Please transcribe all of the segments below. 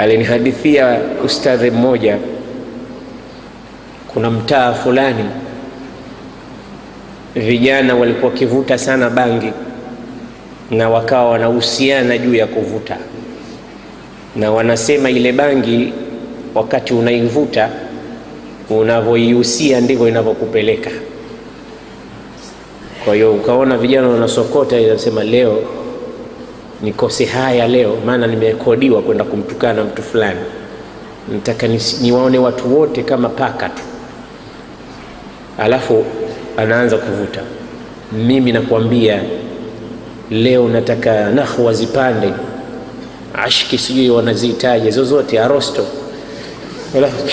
alinihadithia ustadhi mmoja, kuna mtaa fulani vijana walikuwa wakivuta sana bangi na wakawa wanahusiana juu ya kuvuta, na wanasema ile bangi wakati unaivuta unavyoihusia ndivyo inavyokupeleka. Kwa hiyo ukaona vijana wanasokota, inasema leo nikose haya leo, maana nimekodiwa kwenda kumtukana mtu fulani. Nataka niwaone watu wote kama paka tu, alafu anaanza kuvuta. Mimi nakwambia leo nataka nahwa zipande, ashki sijui wanazihitaji zozote, arosto alafu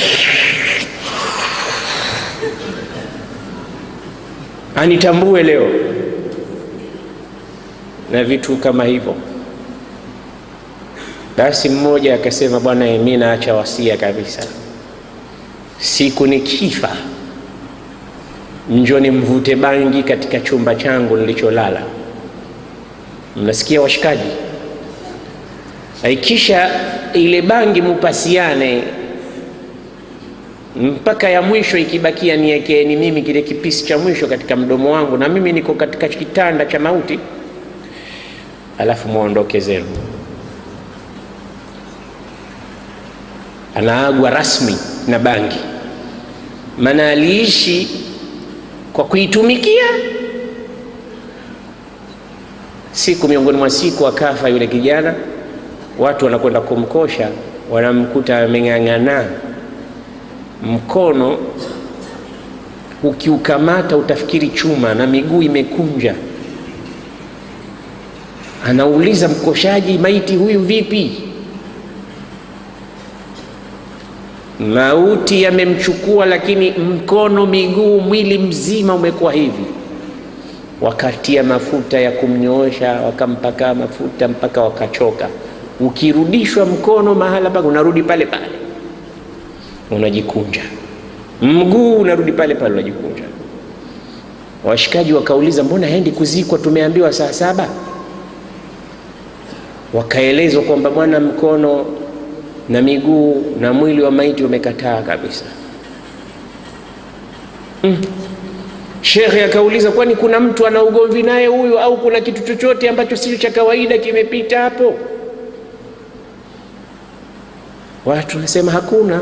anitambue leo na vitu kama hivyo. Basi mmoja akasema, bwana, mimi naacha wasia kabisa, siku nikifa njoni mvute bangi katika chumba changu nilicholala. Mnasikia washikaji? Aikisha ile bangi mupasiane mpaka ya mwisho ikibakia, niekeeni mimi kile kipisi cha mwisho katika mdomo wangu, na mimi niko katika kitanda cha mauti, alafu muondoke zenu. anaagwa rasmi na bangi, maana aliishi kwa kuitumikia. Siku miongoni mwa siku akafa yule kijana, watu wanakwenda kumkosha, wanamkuta ameng'ang'ana mkono ukiukamata utafikiri chuma na miguu imekunja. Anauliza mkoshaji, maiti huyu vipi? mauti yamemchukua, lakini mkono, miguu, mwili mzima umekuwa hivi. Wakatia mafuta ya kumnyoosha, wakampaka mafuta mpaka wakachoka. Ukirudishwa mkono mahala pake, unarudi pale pale unajikunja, mguu unarudi pale pale unajikunja. Washikaji wakauliza, mbona haendi kuzikwa? Tumeambiwa saa saba. Wakaelezwa kwamba bwana, mkono na miguu na mwili wa maiti umekataa kabisa. Mm. Shekhe akauliza, kwani kuna mtu ana ugomvi naye huyu au kuna kitu chochote ambacho sio cha kawaida kimepita hapo? Watu wanasema hakuna,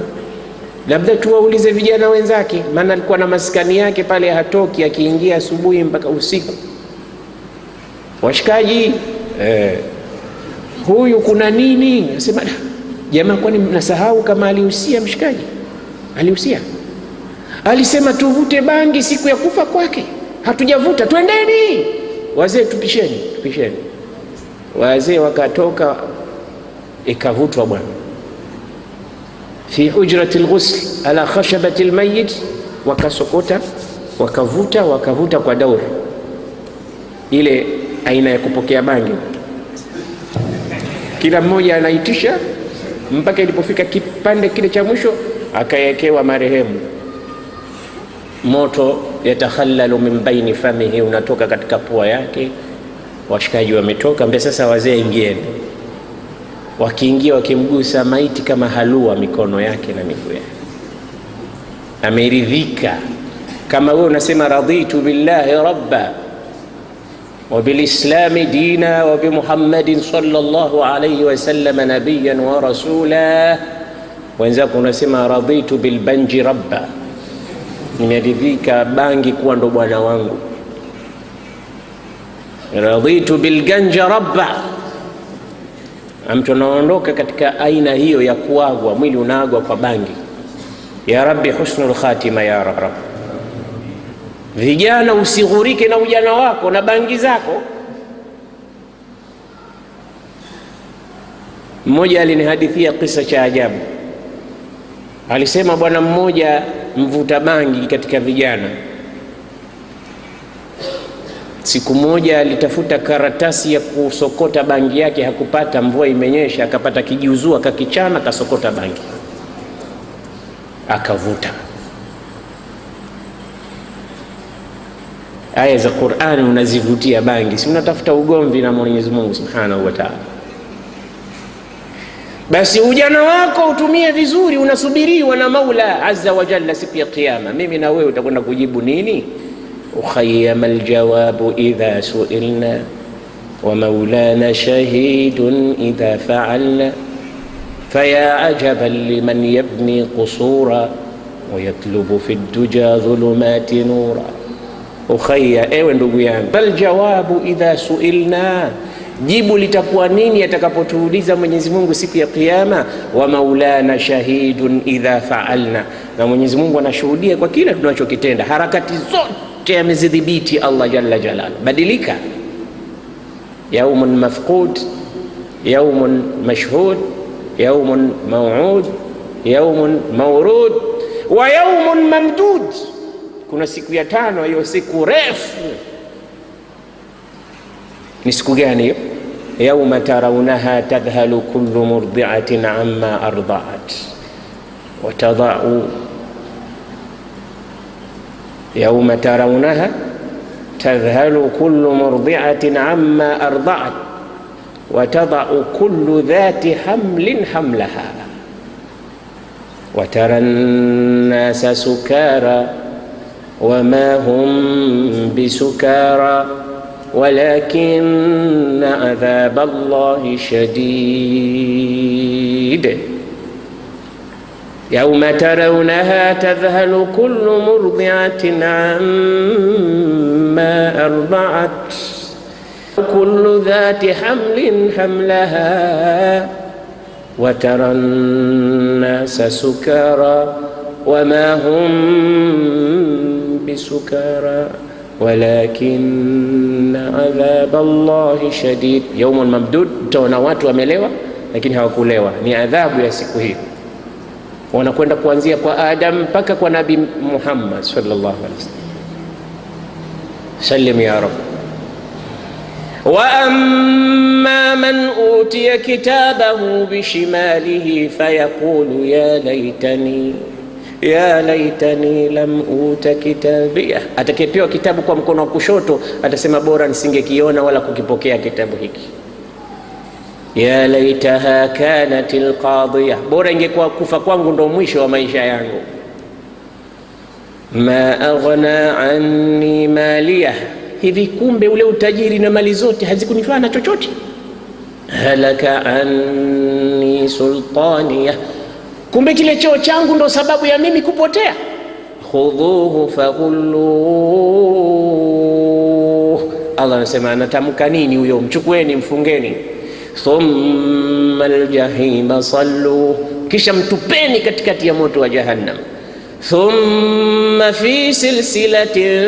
labda tuwaulize vijana wenzake, maana alikuwa na maskani yake pale, hatoki akiingia asubuhi mpaka usiku. Washikaji eh, huyu kuna nini? Nasema Jamaa, kwani mnasahau kama alihusia mshikaji? Alihusia, alisema tuvute bangi siku ya kufa kwake. Hatujavuta, twendeni wazee, tupisheni, tupisheni. Wazee wakatoka, ikavutwa bwana, fi hujrati lghusl ala khashabati lmayit, wakasokota wakavuta, wakavuta kwa dauri ile aina ya kupokea bangi, kila mmoja anaitisha mpaka ilipofika kipande kile cha mwisho akaekewa marehemu moto yatakhallalu min baini famihi, unatoka katika pua yake. Washikaji wametoka mbe, sasa, wazee ingieni. Wakiingia wakimgusa maiti kama halua, mikono yake na miguu yake, ameridhika. Kama wewe unasema raditu billahi rabba وبالإسلام دينا وبمحمد صلى الله عليه وسلم نبيا ورسولا wenzako unasema radhitu bilbanji rabba, nimeridhika bangi kuwa ndo bwana wangu. Radhitu bilganja rabba, mtu anaondoka katika aina hiyo ya kuagwa, mwili unaagwa kwa bangi. Ya rabbi husnul khatima ya Vijana, usighurike na ujana wako na bangi zako. Mmoja alinihadithia kisa cha ajabu. Alisema bwana mmoja mvuta bangi katika vijana, siku moja alitafuta karatasi ya kusokota bangi yake, hakupata. Mvua imenyesha, akapata kijiuzua akakichana, akasokota bangi, akavuta aya za Qur'ani unazivutia bangi, si unatafuta ugomvi na Mwenyezi Mungu Subhanahu wa Ta'ala. Basi ujana wako utumie vizuri, unasubiriwa na Maula Azza wa Jalla siku ya Kiyama. Mimi na wewe utakwenda kujibu nini? ukhayama aljawabu idha suilna wa maulana shahidun idha faalna faya ajaban liman yabni qusura wa yatlubu fi duja dhulumati nura ukhayya, ewe ndugu yangu. Bal jawabu idha suilna, jibu litakuwa nini atakapotuuliza Mwenyezi Mungu siku ya Kiyama? Wa maulana shahidun idha faalna, na Mwenyezi Mungu anashuhudia kwa kila tunachokitenda. Harakati zote amezidhibiti Allah jalla jalaluhu. Badilika, yaumun mafqud, yaumun mashhud, yaumun mauud, yaumun maurud wa yaumun mamdud kuna siku ya tano, hiyo siku refu ni siku gani hiyo? yauma tarawunaha tadhhalu kullu murdiatin amma ardaat watadau yauma tarawunaha tadhhalu kullu murdiatin amma ardaat watadau kullu dhati hamlin hamlaha watara nnasa sukara وما هم بسكارى ولكن عذاب الله شديد يوم ترونها تذهل كل مرضعة عما أرضعت كل ذات حمل حملها وترى الناس سكارى وما هم سكارى walakinna adhab Allahi shadid, yaumun mamdud. Utaona watu wamelewa lakini hawakulewa, ni adhabu ya siku hiyo. Wanakwenda kuanzia kwa Adam mpaka kwa Nabi Muhammad sallallahu alaihi wasallam. Sallim ya Rabb. Wa amma man utiya kitabahu bishimalihi fayaqulu ya laitani ya laitani lam uta kitabia. Atakayepewa kitabu kwa mkono wa kushoto atasema bora nisingekiona wala kukipokea kitabu hiki. ya laitaha kanatil qadhiya, bora ingekuwa kufa kwangu ndo mwisho wa maisha yangu. ma aghna anni maliya, hivi kumbe ule utajiri na mali zote hazikunifaa na chochote. halaka anni sultaniya kumbe kile cheo changu ndo sababu ya mimi kupotea. khudhuhu faghulluh, Allah anasema anatamka nini huyo? Mchukueni, mfungeni. thumma aljahima sallu, kisha mtupeni katikati ya moto wa Jahannam. thumma fi silsilatin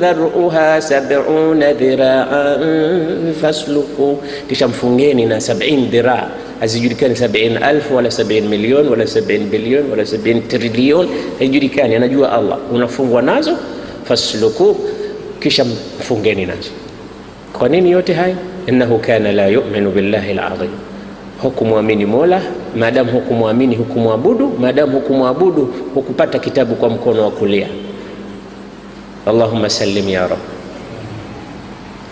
dharuha sab'una dhira'an fasluku, kisha mfungeni na sab'in dhiraa hazijulikani 70000 wala 70 milioni wala 70 bilioni wala 70 trilioni, haijulikani, anajua Allah. Unafungwa nazo fasluku, kisha mfungeni nazo. Kwa nini yote hayo? innahu kana la yu'minu billahi alazim Hukumwamini Mola maadamu hukumwamini, hukumwabudu maadamu hukumwabudu, hukupata kitabu kwa mkono wa kulia. Allahumma sallim ya Rabb.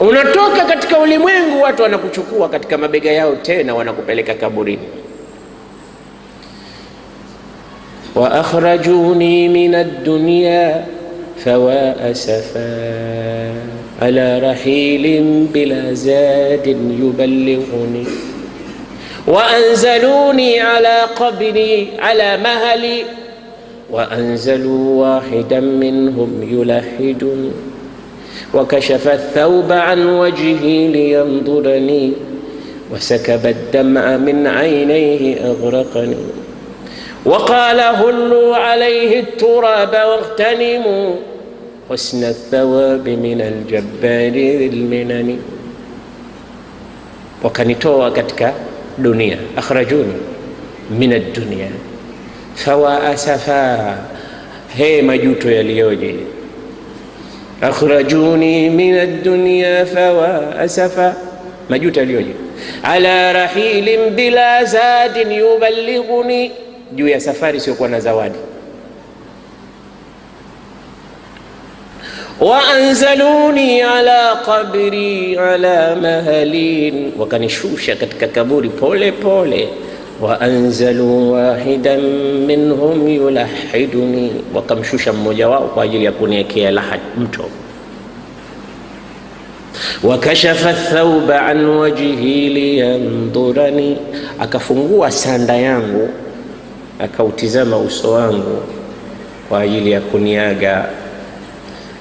Unatoka katika ulimwengu, watu wanakuchukua katika mabega yao, tena wanakupeleka kaburini. wa akhrajuni min ad-dunya fawa asafa ala rahilin bila zadin yuballighuni wa anzaluni ala qabri ala mahali wa anzalu wahidan minhum yulahiduni وكشف الثوب عن وجهي لينظرني وسكب الدمع من عينيه أغرقني وقال هلوا عليه التراب واغتنموا حسن الثواب من الجبار ذي المنن دنيا أخرجوني من الدنيا فوا أسفا هي ما he يا yaliyoje akhrajuni min ad-dunya fawa asafa, majuto aliyoje ala rahilin bila zadin yubalighuni, juu ya safari isiyokuwa na zawadi. wa ala qabri ala mahalin, wakanishusha katika kaburi pole pole waanzalu wahidan minhum yulahiduni, wakamshusha mmoja wao kwa ajili ya kuniekea lahad mto. Wakashafa thauba an wajhi liyandhurani akafungua sanda yangu akautizama uso wangu kwa ajili ya kuniaga.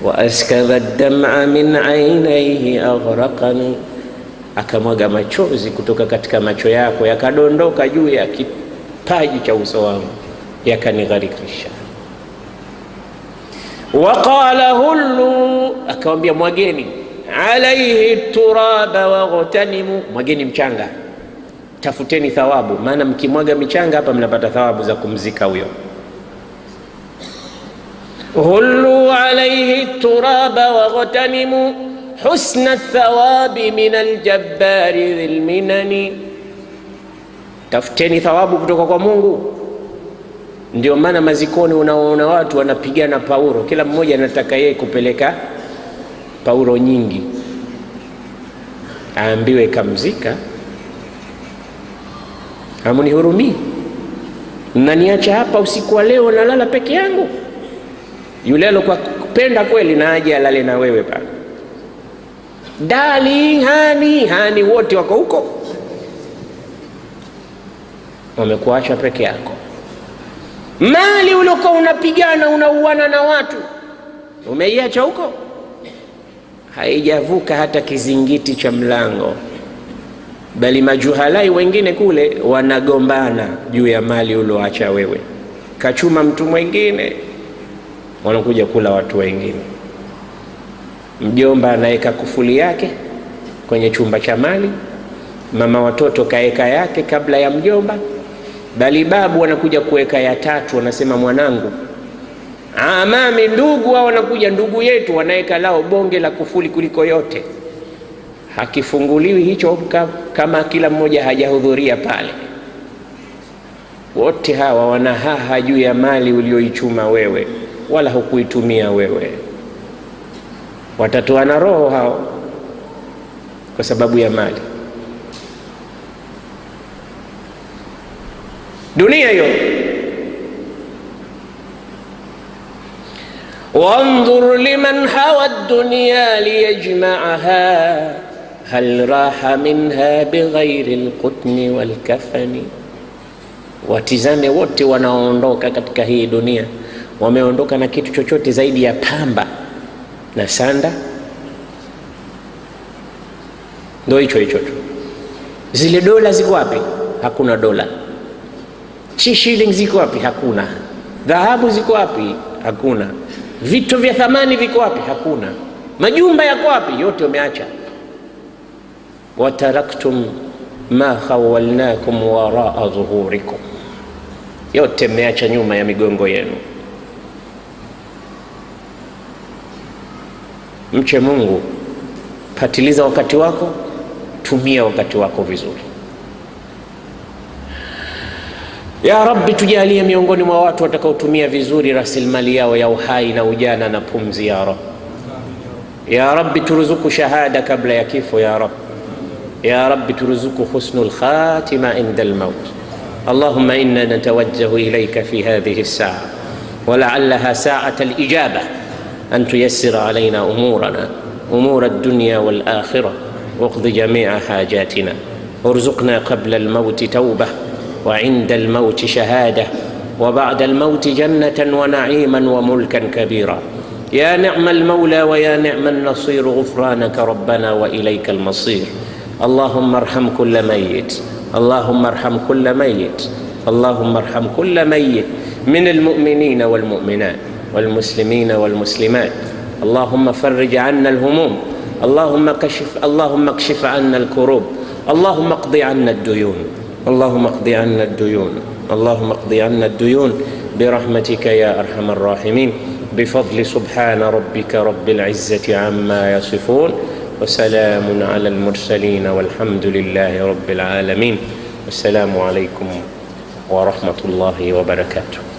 Waaskadha dama min ainaihi aghraqani akamwaga machozi kutoka katika macho yako yakadondoka juu ya kipaji cha uso wangu yakanigharikisha. Waqala hullu, akamwambia mwageni alaihi turaba waghtanimu, mwageni mchanga, tafuteni thawabu, maana mkimwaga michanga hapa mnapata thawabu za kumzika huyo. Hullu alaihi turaba waghtanimu husna thawabi min aljabbari dhil tafuteni thawabu kutoka kwa Mungu. Ndio maana mazikoni unaona watu wanapigana paulo, kila mmoja anataka yeye kupeleka paulo nyingi, aambiwe kamzika. Hamunihurumii, mnaniacha hapa usiku wa leo, nalala peke yangu. Yule kupenda kweli na aje alale na wewe pa dali hani hani, wote wako huko, wamekuacha peke yako. Mali uliokuwa unapigana unauana na watu umeiacha huko, haijavuka hata kizingiti cha mlango, bali majuhalai wengine kule wanagombana juu ya mali ulioacha wewe. Kachuma mtu mwingine, wanakuja kula watu wengine mjomba anaweka kufuli yake kwenye chumba cha mali, mama watoto kaeka yake kabla ya mjomba, bali babu wanakuja kuweka ya tatu, wanasema mwanangu amami. Ah, ndugu hao wanakuja, ndugu yetu, wanaweka lao bonge la kufuli kuliko yote, hakifunguliwi hicho kama kila mmoja hajahudhuria pale. Wote hawa wanahaha juu ya mali ulioichuma wewe, wala hukuitumia wewe watatoana roho hao kwa sababu ya mali. Dunia hiyo. Wandhur liman hawa dunia liyajmaaha hal raha minha bighairi lqutni walkafani, watizame wote wanaoondoka katika hii dunia wameondoka na kitu chochote zaidi ya pamba na sanda ndo hicho hicho tu. Zile dola ziko wapi? Hakuna dola. Chi shilling ziko wapi? Hakuna. Dhahabu ziko wapi? Hakuna. Vitu vya thamani viko wapi? Hakuna. Majumba yako wapi? Yote wameacha. Wataraktum ma khawalnakum waraa dhuhurikum, yote mmeacha nyuma ya migongo yenu. mche Mungu, patiliza wakati wako, tumia wakati wako vizuri. Ya Rabbi, tujalie miongoni mwa watu watakaotumia vizuri rasilimali yao ya uhai na ujana na pumzi. Ya Rabbi, ya Rabbi, turuzuku shahada kabla ya kifo. Ya Rabbi, ya Rabbi, turuzuku husnul khatima inda al-maut. Allahumma inna natawajjahu ilayka fi hadhihi as-sa'a wa la'allaha أن تيسر علينا أمورنا أمور الدنيا والآخرة واقض جميع حاجاتنا وارزقنا قبل الموت توبة وعند الموت شهادة وبعد الموت جنة ونعيما وملكا كبيرا يا نعم المولى ويا نعم النصير غفرانك ربنا وإليك المصير اللهم ارحم كل ميت اللهم ارحم كل ميت اللهم ارحم كل ميت من المؤمنين والمؤمنات والمسلمين والمسلمات اللهم فرج عنا الهموم اللهم كشف اللهم اكشف عنا الكروب اللهم اقض عنا الديون اللهم اقض عنا الديون اللهم اقض عنا الديون برحمتك يا ارحم الراحمين بفضل سبحان ربك رب العزه عما يصفون وسلام على المرسلين والحمد لله رب العالمين والسلام عليكم ورحمه الله وبركاته